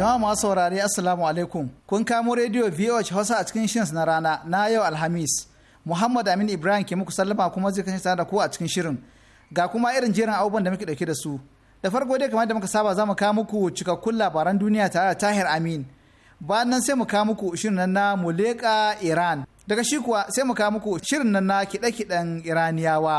Jama'a masu saurari Assalamu alaikum. Kun kamo rediyo VOH Hausa a cikin shirin na rana na yau Alhamis. Muhammad Amin Ibrahim ke muku sallama kuma zai kashe tare da ku a cikin shirin. Ga kuma irin jerin abubuwan da muke dauke da su. Da farko dai kamar da muka saba za mu kawo muku cikakkun labaran duniya tare da Tahir Amin. Bayan nan sai mu kawo muku shirin na Muleka Iran. Daga shi kuwa sai mu kawo muku shirin nan na kiɗe-kiɗen Iraniyawa.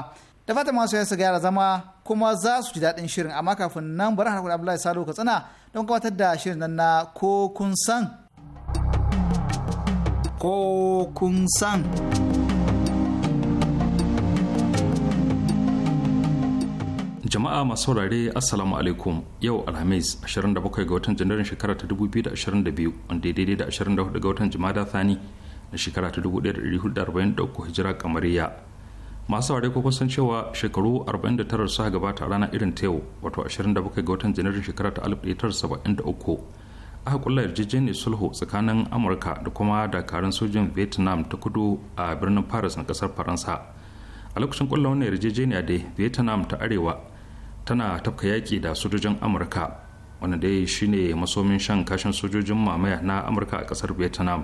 da fatan masu yasa gyara zama kuma za su ji daɗin shirin amma kafin nan bari harkar abdullahi salo ka tsana don gabatar da shirin nan na ko kun san ko kun san jama'a masu saurare assalamu alaikum yau alhamis 27 ga watan janairun shekara ta 2022 wanda ya daidai da 24 ga watan da thani na shekara ta 1443 hijira kamariya masu ware kuma san cewa shekaru 49 suka gabata rana irin ta yau wato 27 ga watan janairun shekarar ta 1973 aka kulla yarjejeniyar sulhu tsakanin amurka da kuma dakarun sojin vietnam ta kudu a birnin paris na kasar faransa a lokacin kulla wannan yarjejeniya dai vietnam ta arewa tana tafka yaki da sojojin amurka wanda dai shine masomin shan kashin sojojin mamaya na amurka a kasar vietnam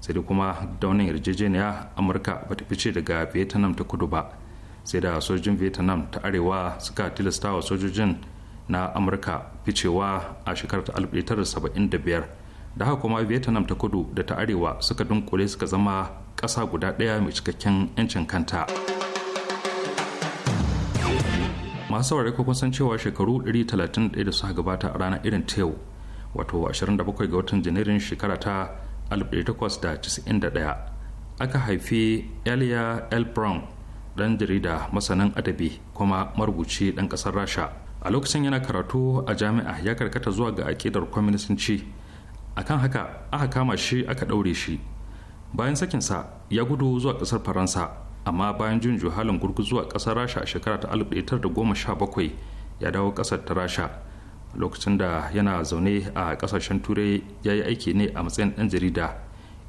sai da kuma da wani yarjejeniya amurka ba ta fice daga vietnam ta kudu ba sai da sojojin vietnam ta arewa suka tilasta wa sojojin na amurka ficewa a shekarar 1975 da haka kuma vietnam ta kudu da ta arewa suka dunkule suka zama ƙasa guda ɗaya mai cikakken 'yancin kanta masu saurari kun san cewa shekaru 131 da suka gabata a ranar irin ta wato 27 ga watan janairun shekara ta 1891 aka haifi elia l brown ɗan jarida masanin adabi kuma marubuci ɗan kasar rasha a lokacin yana karatu a jami'a ya karkata zuwa ga aƙidar kwaminisanci akan haka aka kama shi aka ɗaure shi bayan sakinsa ya gudu zuwa kasar faransa amma bayan jin juhalin zuwa kasar rasha a shekara ta 1917 ya dawo kasar ta rasha lokacin da yana zaune a kasashen turai ya yi aiki ne a matsayin ɗan jarida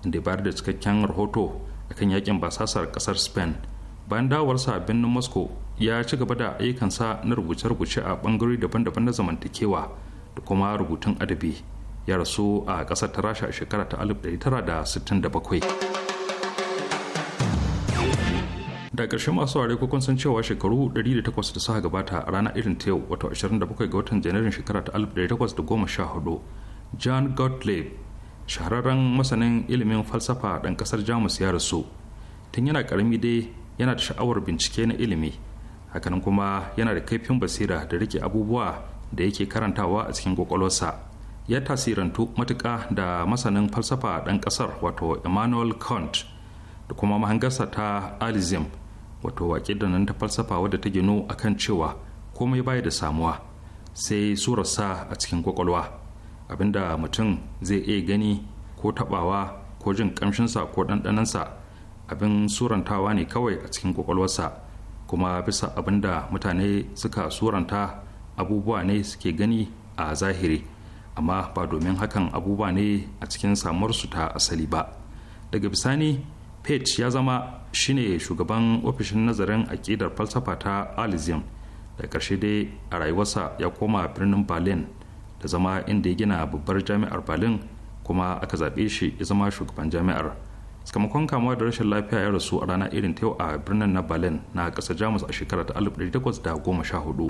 inda bayar da cikakken rahoto a kan yakin basasar ƙasar spain bayan dawarsa birnin moscow ya ci gaba da ayyukansa na rubuce-rubuce a bangarori daban-daban na zamantakewa da kuma rubutun adabi ya rasu a ƙasar ta rasha a shekara ta 1967 da ƙarshe masu ware ko kun san cewa shekaru 108 da suka gabata a rana irin ta yau wato 27 ga watan janairun shekara ta 1814 john gottlieb shahararren masanin ilimin falsafa ɗan ƙasar jamus ya rasu tun yana ƙarami dai yana da sha'awar bincike na ilimi hakanan kuma yana da kaifin basira da rike abubuwa da yake karantawa a cikin kwakwalwarsa ya tasirantu matuka da masanin falsafa ɗan ƙasar wato emmanuel kant da kuma mahangarsa ta alizim wato waƙe da nan ta falsafa wadda ta gino akan cewa komai baya da samuwa sai surarsa a cikin kwakwalwa abinda mutum zai iya gani ko tabawa ko jin ƙamshinsa ko ɗanɗanansa abin surantawa ne kawai a cikin kwakwalwarsa kuma bisa abinda mutane suka suranta abubuwa ne suke gani a zahiri amma ba domin hakan abubuwa ne a cikin samuwarsu ta asali ba daga bisani page ya zama shine shugaban ofishin nazarin aƙidar falsafa ta alizim da ƙarshe dai a rayuwarsa ya koma birnin berlin da zama inda ya gina babbar jami'ar berlin kuma aka zaɓe shi ya zama shugaban jami'ar sakamakon kamuwa da rashin lafiya ya rasu a rana irin ta yau a birnin na berlin na ƙasar jamus a shekarar ta 1814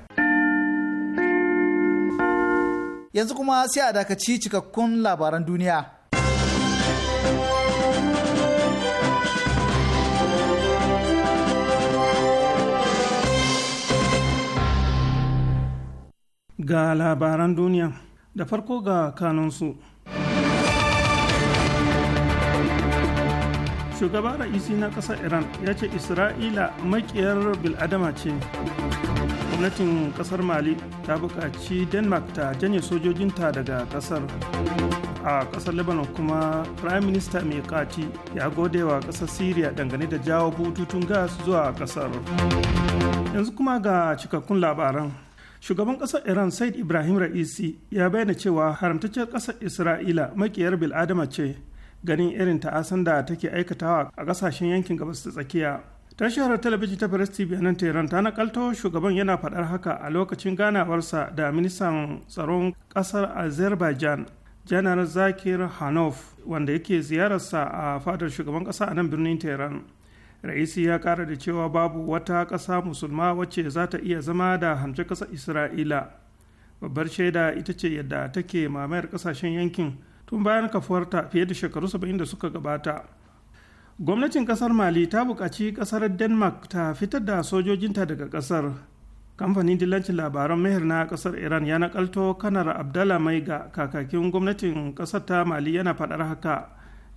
yanzu kuma sai a dakaci cikakkun labaran duniya. Ga labaran duniya da farko ga kanunsu. shugaba ra'isi na ƙasar iran ya ce isra'ila maƙiyar biladama ce gwamnatin ƙasar mali ta buƙaci denmark ta janye sojojinta daga ƙasar a ƙasar lebanon kuma prime minister mai kati ya gode wa ƙasar syria dangane da jawo bututun gas zuwa ƙasar yanzu kuma ga cikakkun labaran shugaban ƙasar iran said ibrahim ra'isi ya bayyana cewa haramtacciyar ƙasar isra'ila maƙiyar bil'adama ce ganin irin ta'asan da take aikatawa a kasashen yankin gabas ta tsakiya tashar talabijin ta Paris tv nan tehran ta nakalto shugaban yana faɗar haka a lokacin ganawarsa da ministan tsaron ƙasar azerbaijan janar zakir hanof wanda yake ziyararsa a fadar shugaban ƙasa a nan birnin tehran raisi ya kara da cewa babu wata ƙasa musulma wacce za ta iya zama da hamshe ƙasar isra'ila babbar shaida ita ce yadda take mamayar ƙasashen yankin tun bayan kafuwarta fiye da shekaru 70 da suka gabata gwamnatin kasar mali ta buƙaci kasar denmark ta fitar da sojojinta daga kasar kamfanin dillancin labaran mehir na kasar iran ya nakalto kanar abdallah ga kakakin gwamnatin kasar ta mali yana faɗar haka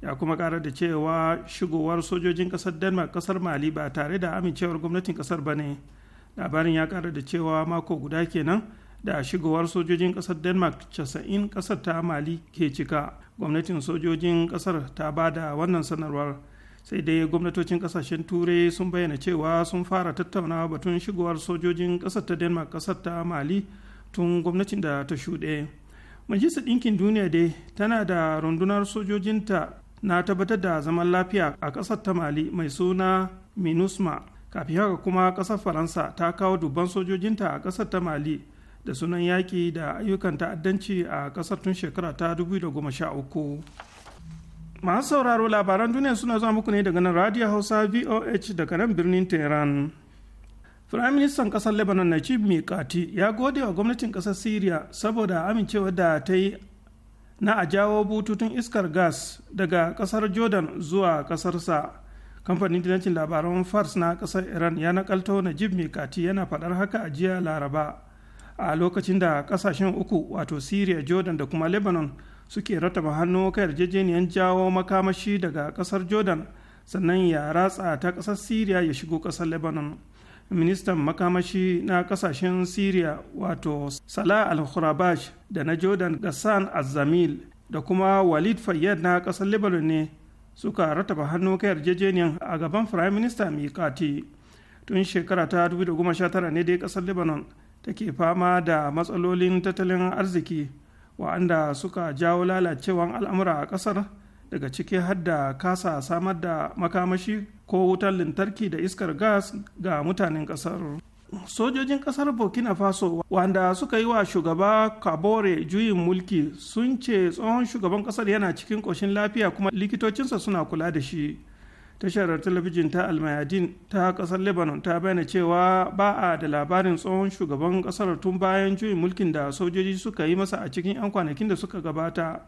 ya kuma ƙara da cewa shigowar sojojin kasar denmark kasar mali ba tare da amincewar gwamnatin kasar ba ne labarin ya ƙara da cewa mako guda kenan da shigowar sojojin kasar denmark 90 kasar ta mali ke cika gwamnatin sojojin kasar ta ba da wannan sanarwar sai dai gwamnatocin kasashen turai sun bayyana cewa sun fara tattaunawa batun shigowar sojojin kasar ta denmark kasar ta mali tun gwamnatin da ta shuɗe majalisar ɗinkin duniya dai tana da rundunar sojojinta na tabbatar da zaman lafiya a kasar ta mali mai suna minusma kafin haka kuma ƙasar faransa ta kawo dubban sojojinta a ƙasar ta mali da sunan yaƙi da ayyukan ta'addanci a ƙasar tun shekara ta 2013 masu sauraro labaran duniya suna zuwa muku ne daga nan radio hausa voh daga nan birnin tehran Firaministan ƙasar Lebanon Najib Mikati ya gode wa gwamnatin ƙasar Siriya saboda amincewa da ta yi na a jawo bututun iskar gas daga ƙasar Jordan zuwa ƙasarsa. Kamfanin dinancin labaran Fars na ƙasar Iran ya nakalto Najib Mikati yana faɗar haka a jiya Laraba a lokacin da kasashen uku wato syria jordan da kuma lebanon suke rataba hannu ka yarjejeniyar jawo makamashi daga kasar jordan sannan ya ratsa ta kasar syria ya shigo kasar lebanon ministan makamashi na kasashen syria wato salah al khurabash da na jordan gassan azamil da kuma walid fayyad na kasar lebanon ne suka rataba hannu ka yarjejeniyar a gaban firayim minista mikati tun shekara ta 2019 ne dai kasar lebanon take fama da matsalolin tattalin arziki wa'anda suka jawo lalacewan al'amura a ƙasar daga ciki har kasa samar da makamashi ko wutar lantarki da iskar gas ga mutanen ƙasar sojojin ƙasar burkina faso wanda suka yi wa shugaba kabore juyin mulki sun ce tsohon shugaban ƙasar yana cikin ƙoshin lafiya kuma likitocinsa suna kula da shi tashar talabijin ta almayadin ta kasar lebanon ta bayyana cewa ba a da labarin tsohon shugaban kasar tun bayan juyin mulkin da sojoji suka yi masa a cikin 'yan kwanakin da suka gabata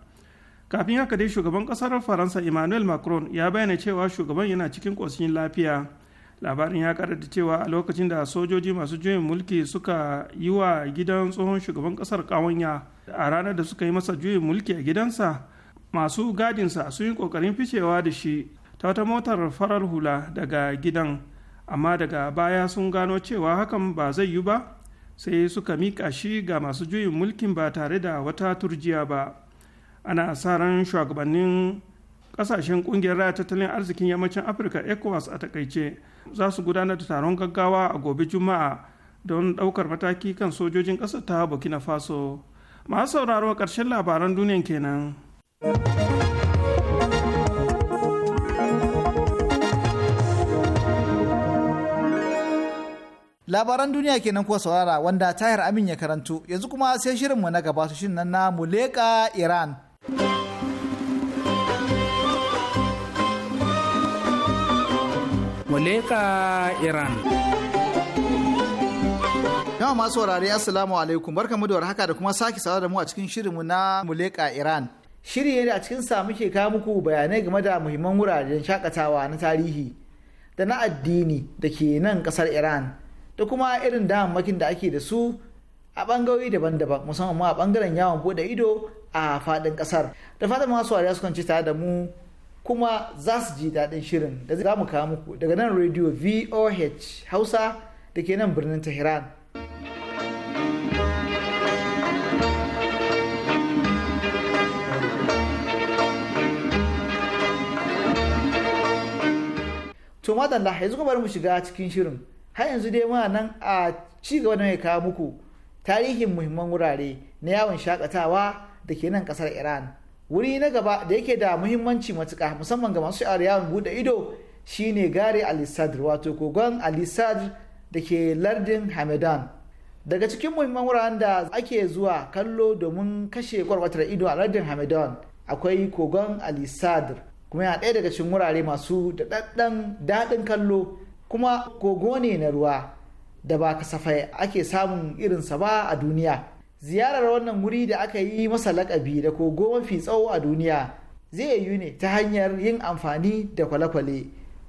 kafin haka dai shugaban kasar faransa emmanuel macron ya bayyana cewa shugaban yana cikin ƙoshin lafiya labarin ya karar da cewa a lokacin da sojoji masu juyin mulki suka yi wa gidan tsohon shugaban kasar kawanya a ranar da suka yi masa juyin mulki a gidansa masu gadinsa sun yi kokarin ficewa da shi ta wata motar farar hula daga gidan amma daga baya sun gano cewa hakan ba zai yi ba sai suka miƙa shi ga masu juyin mulkin ba tare da wata turjiya ba ana sa ran shugabannin kasashen kungiyar raya tattalin arzikin yammacin afirka ecowas a takaice za su gudanar da taron gaggawa a gobe juma'a don ɗaukar mataki kan sojojin ƙasar ta burkina faso masu sauraro ƙarshen labaran duniyan kenan. labaran duniya kenan kuwa saurara wanda tahir amin ya karanto yanzu kuma sai shirinmu na gaba shin nan na muleka iran muleka iran yawa masu saurare assalamu alaikum barkamu da warhaka da kuma sake saurara da mu a cikin shirinmu na muleka iran shiri ne a cikin sa muke kawo muku bayanai game da muhimman wuraren shakatawa na tarihi da na addini da ke nan kasar iran da kuma irin damammakin da ake da su a bangarori daban-daban musamman ma a bangaren yawon bude ido a fadin kasar. da fatan masu wariya su kwanci tare da mu kuma za su ji daɗin shirin da za mu kawo muku daga nan rediyo voh hausa da ke nan birnin tehran to madalla yanzu kuma bari mu shiga cikin shirin har yanzu dai muna nan a ci gaba da mai kawo muku tarihin muhimman wurare na yawon shakatawa da ke nan kasar iran wuri na gaba da yake da muhimmanci matuka musamman ga masu sha'awar yawon bude ido shine gare alisadr wato kogon alisadr da ke lardin hamadan daga cikin muhimman wuraren da ake zuwa kallo domin kashe kwarkwatar ido a lardin hamadan akwai kogon alisadr kuma yana daya daga cikin wurare masu daɗaɗɗen daɗin kallo kuma kogo ne na ruwa da ba kasafai ake samun irinsa ba a duniya ziyarar wannan wuri da aka yi masa lakabi da kogo mafi tsawo a duniya zai yiwu ne ta hanyar yin amfani da kwale-kwale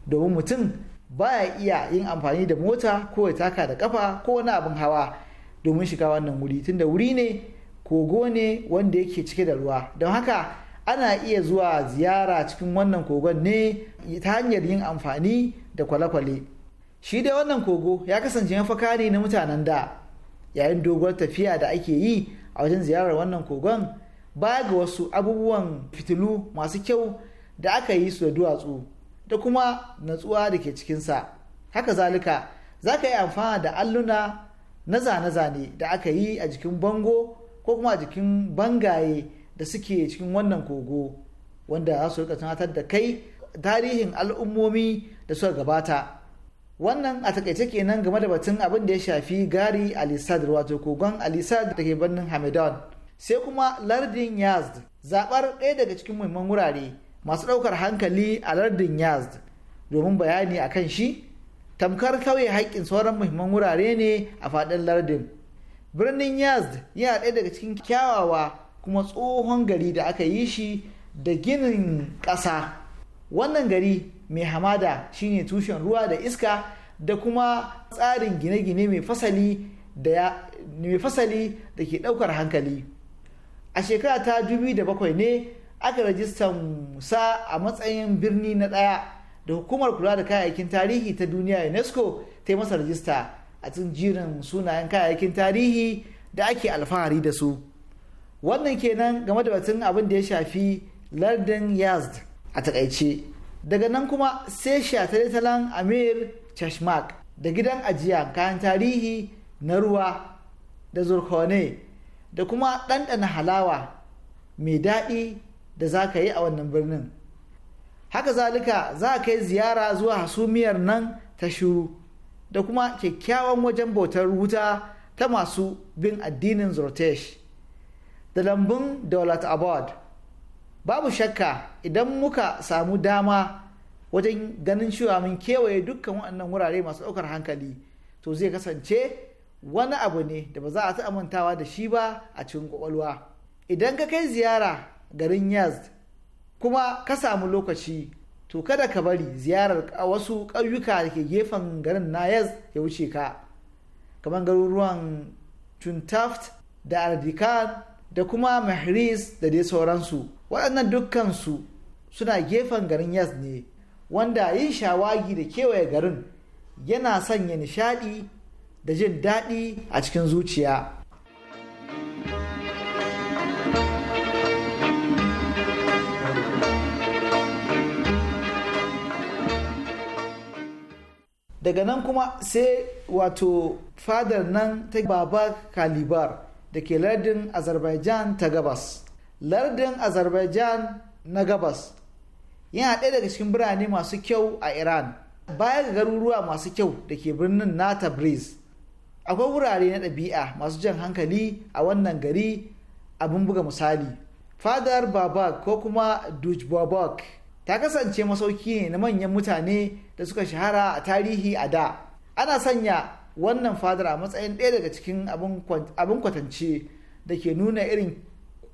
domin mutum baya iya yin amfani da mota ko ya taka da kafa ko wani abin hawa domin shiga wannan wuri tunda wuri ne kogo ne wanda yake cike da ruwa don haka ana iya zuwa ziyara cikin wannan kogon ne ta hanyar yin amfani da kwale-kwale shi dai wannan kogo ya kasance mafaka ne na mutanen da yayin doguwar tafiya da ake yi a wajen ziyarar wannan kogon ba ga wasu abubuwan fitilu masu kyau da aka yi su da duwatsu da kuma natsuwa da ke cikinsa haka zalika za ka yi amfana da alluna na zane-zane da aka yi a jikin bango ko kuma a jikin bangaye da suke cikin wannan kogo wanda za su rika tunatar da kai tarihin al'ummomi da suka gabata wannan a takaice kenan game da batun abin da ya shafi gari alisad wato kogon alisad da ke birnin hamadan sai kuma lardin yazd zaɓar ɗaya daga cikin muhimman wurare masu ɗaukar hankali a lardin yazd domin bayani a kan shi tamkar kauye haƙƙin sauran muhimman wurare ne a faɗin lardin birnin yazd yana ɗaya daga cikin kyawawa kuma tsohon gari da aka yi shi da ginin ƙasa wannan gari mai hamada shine tushen ruwa da iska da kuma tsarin gine-gine mai fasali da ke ɗaukar hankali a shekara ta 2007 ne aka rajistan musa a matsayin birni na ɗaya da hukumar kula da kayayyakin tarihi ta duniya unesco ta yi masa rajista a cikin jirin sunayen kayayyakin tarihi da ake alfahari da su wannan kenan game da batun abin da ya shafi lardin yazd a takaice daga nan kuma sai shataletalen amir chashmak da gidan ajiya kayan tarihi na ruwa da zurkone da kuma ɗanɗana halawa mai daɗi da za ka yi a wannan birnin haka zalika za ka yi ziyara zuwa hasumiyar nan ta shuru da kuma kyakkyawan wajen bautar wuta ta masu bin addinin zurtesh da lambun daulat abad babu shakka idan muka samu dama wajen ganin cewa mun kewaye dukkan waɗannan wurare masu ɗaukar hankali to zai kasance wani abu ne da ba za a ta mantawa da shi ba a cikin kwakwalwa idan ka kai ziyara garin Yaz kuma ka samu lokaci to kada ka bari ziyarar wasu ƙauyuka da ke gefen garin na yazd ya wuce ka kamar garuruwan tuntaft da ardikan da kuma mahris da dai sauransu waɗannan dukkansu suna gefen garin yas ne wanda yin shawagi da kewaye garin yana sanya nishaɗi da jin daɗi a cikin zuciya daga nan kuma sai wato fadar nan ta baba kalibar da ke lardin azerbaijan ta gabas lardin azerbaijan na gabas yana ɗaya daga cikin birane masu kyau a iran baya ga garuruwa masu kyau da ke birnin na tabriz akwai wurare na ɗabi'a masu jan hankali a wannan gari abin buga misali fadar babak ko kuma duj babak ta kasance masauki ne na manyan mutane da suka shahara a tarihi a da ana sanya wannan fadar a matsayin ɗaya daga cikin abin kwatance da ke nuna irin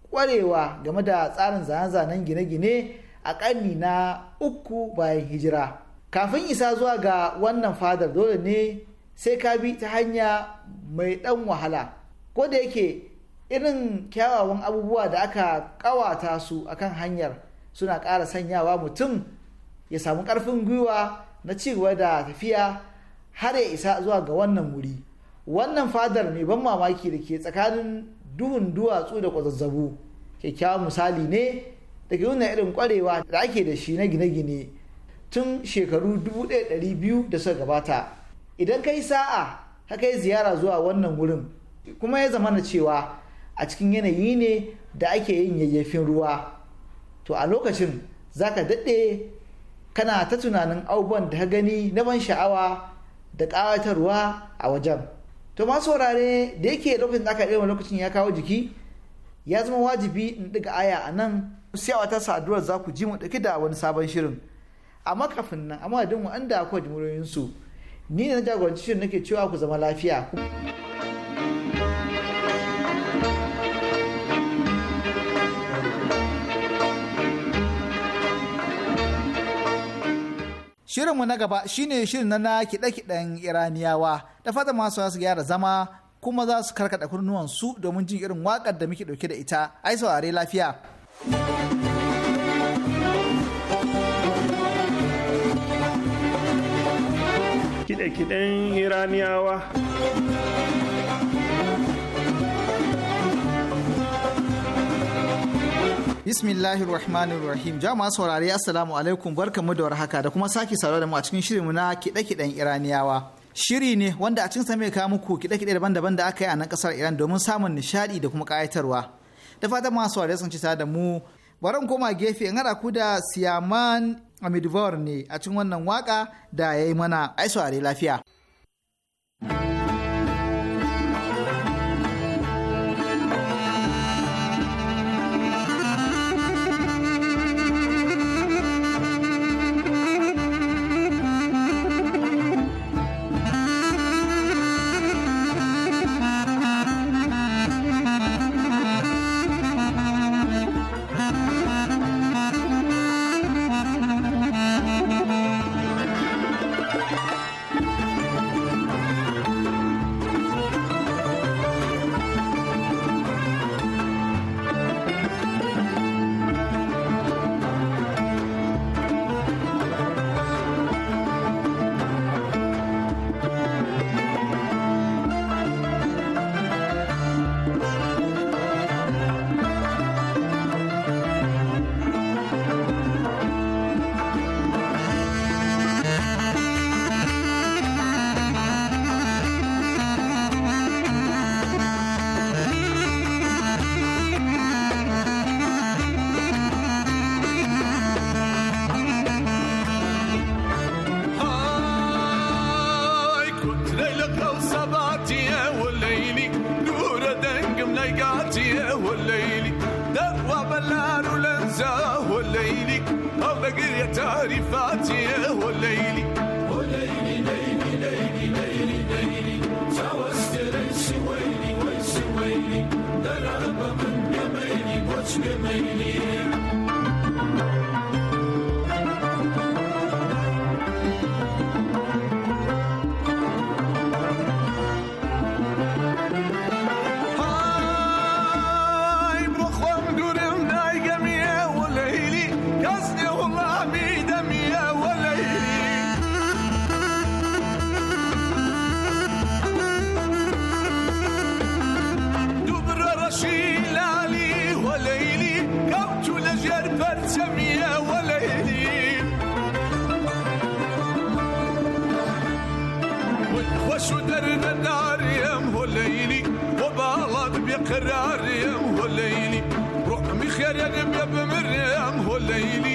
kwarewa game da tsarin zane-zanen gine-gine a ƙarni na uku bayan hijira kafin isa zuwa ga wannan fadar dole ne sai ka bi ta hanya mai ɗan wahala ko da yake irin kyawawan abubuwa da aka ƙawata su akan hanyar suna ƙara sanyawa mutum ya samu ƙarfin gwiwa na cigaba da tafiya har ya isa zuwa ga wannan wuri wannan fadar mai ban mamaki da ke tsakanin duhun duwatsu da kwazazzabu kyakkyawan misali ne da ke nuna irin kwarewa da ake da shi na gine-gine tun shekaru 1200 da suka gabata idan kai sa'a ka kai ziyara zuwa wannan wurin kuma ya zama na cewa a cikin yanayi ne da ake yin yayyafin ruwa to a lokacin za ka daɗe kana ta tunanin abubuwan da ka gani na ban sha'awa da ƙawatarwa a wajen to masu saurare da yake lokacin da aka ɗaya lokacin ya kawo jiki ya zama wajibi in ɗiga aya a nan sai a wata saduwar za ku ji mu ɗauki da wani sabon shirin amma kafin nan amma da mu an da akwai jimurorinsu ni da na jagoranci shirin nake cewa ku zama lafiya. Shirinmu na gaba shine shirin na kiɗe-kiɗen Iraniyawa da fata masu su gyara zama kuma za su karkada kunnuwansu domin jin irin wakar da muke ɗauke da ita. Ai saurare lafiya. Kiɗe-kiɗen Iraniyawa. Bismillahir Rahmanir Rahim. Jama'a saurare Assalamu alaikum barkamu da warhaka da kuma sake saurare da mu a cikin shirinmu na kiɗe-kiɗen Iraniyawa. Shiri ne wanda a cikin sa mai muku kiɗe-kiɗe daban-daban da aka yi a nan ƙasar Iran domin samun nishaɗi da kuma ƙayatarwa. Da fatan masu saurare sun ci ta da mu. baran koma gefe in haɗa ku da Siyaman Amidvor ne a cikin wannan waka da ya yi mana ai saurare lafiya. وليلي الله قرية تعريفاتي يا ليلي ليلي ليلي ليلي تعوزت ليس ويلي ويلي مريم هوليلي روح مخير يا نبيا بمريم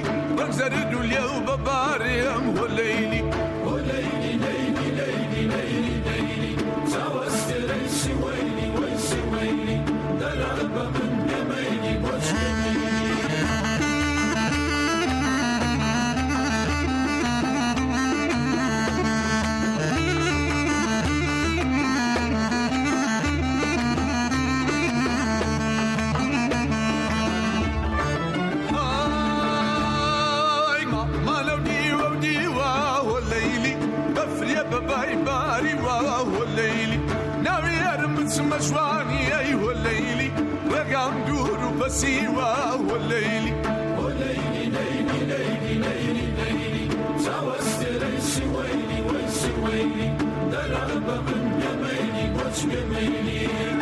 وسيواه والليل وليلي ليلي ليلي ليلي ليلي تعوستري سويلي ويسويلي درب من يميني وش يميني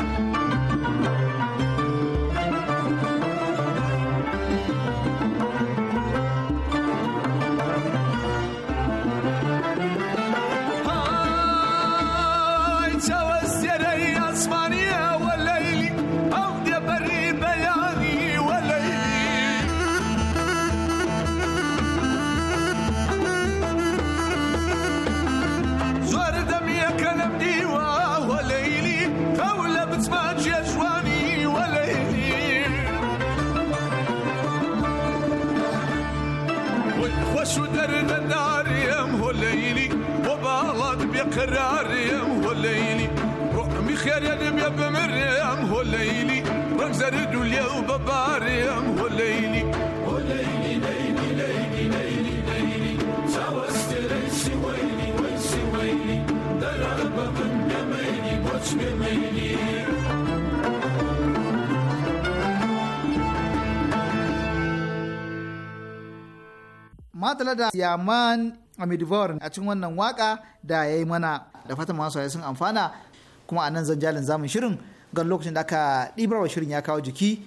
Matala da Yaman Amidivor a cikin wannan waka da ya yi mana da fatan masu sun amfana kuma a nan jalin zamun shirin gan lokacin da aka ɗibarwa shirin ya kawo jiki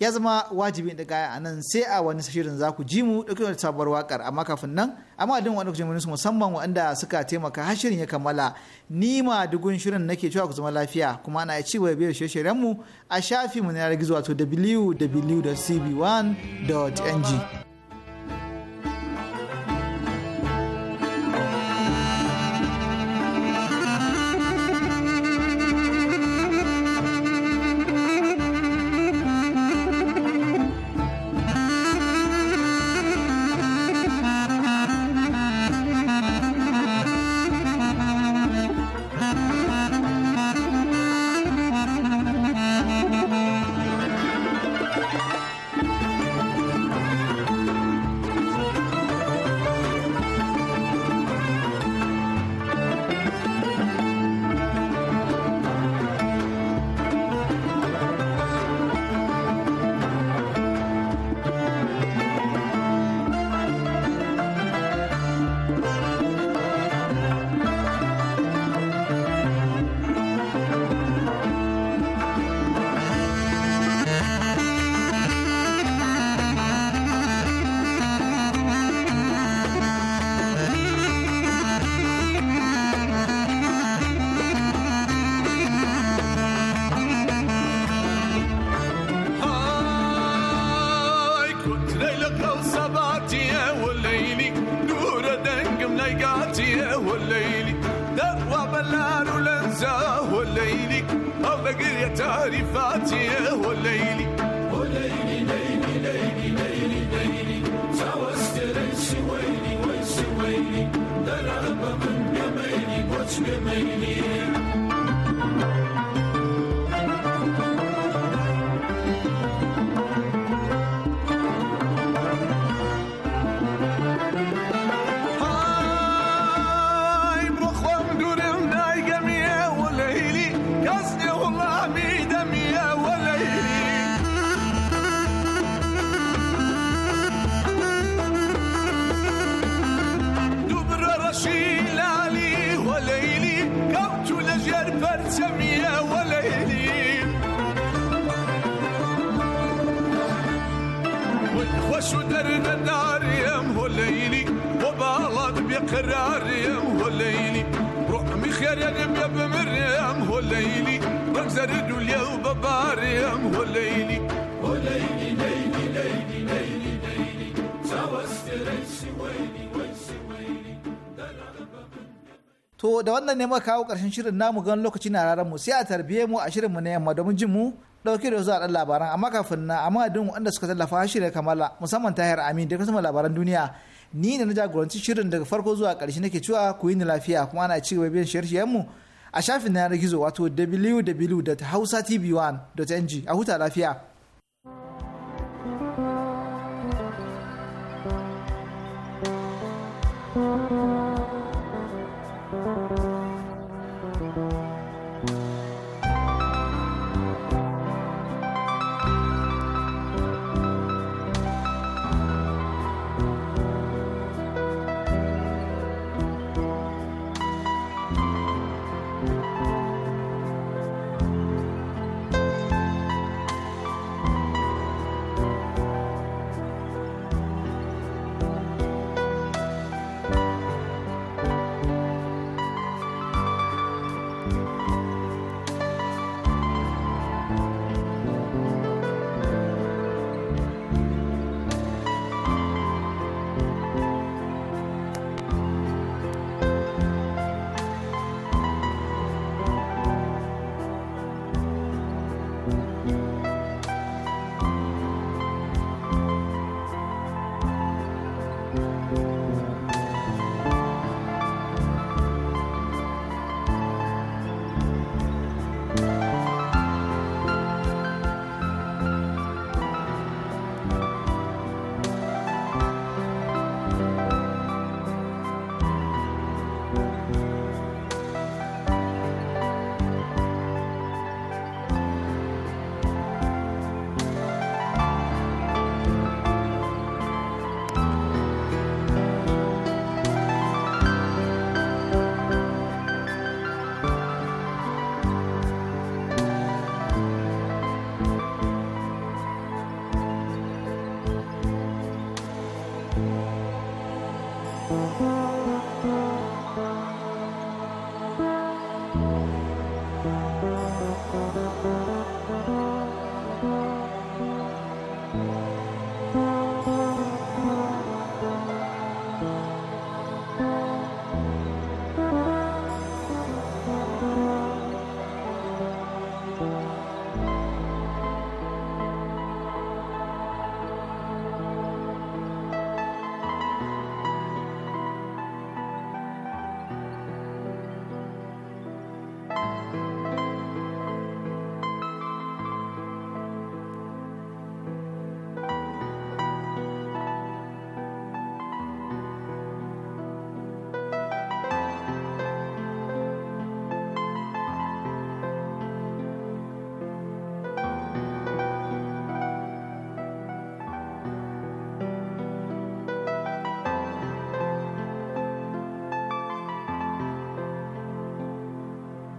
ya zama wajibi da gaya a nan sai a wani shirin za ku ji mu ɗauke wani sabuwar wakar amma kafin nan amma din wani kujemin su musamman waɗanda suka taimaka har shirin ya kammala ni ma dugun shirin nake cewa ku zama lafiya kuma ana ci gaba biyar shirye-shiryen mu a shafi mu na gizo wato www.cb1.ng. جلاله لا انساه وليلي افتكر يا تعريفاتي يا وليلي وليلي ليلي ليلي ليلي ليلي تعوزت ليسي ويلي ويسي ويلي ده انا يميني وجه يميني برسم يا وليلي وشو درنا نار يا مهليلي وبالط بقرار يا مهليلي روح مخير يا نبيا بمر يا مهليلي رمزر الدنيا وببار يا مهليلي وليلي ليلي ليلي ليلي ليلي سوى استريسي ويلي ويسي ويلي دلع بابن To da wannan ne muka kawo ƙarshen shirin namu gan lokaci na raran mu sai a tarbiye mu a shirin mu na yamma domin jin mu dauke da zuwa dan labaran amma kafin na amma duk wanda suka tallafa shirin kamala musamman tahir amin da kuma labaran duniya ni da na jagoranci shirin daga farko zuwa ƙarshe nake cewa ku yi ni lafiya kuma ana ci gaba biyan shirye mu a shafin na yanar gizo wato www.hausatv1.ng a huta lafiya.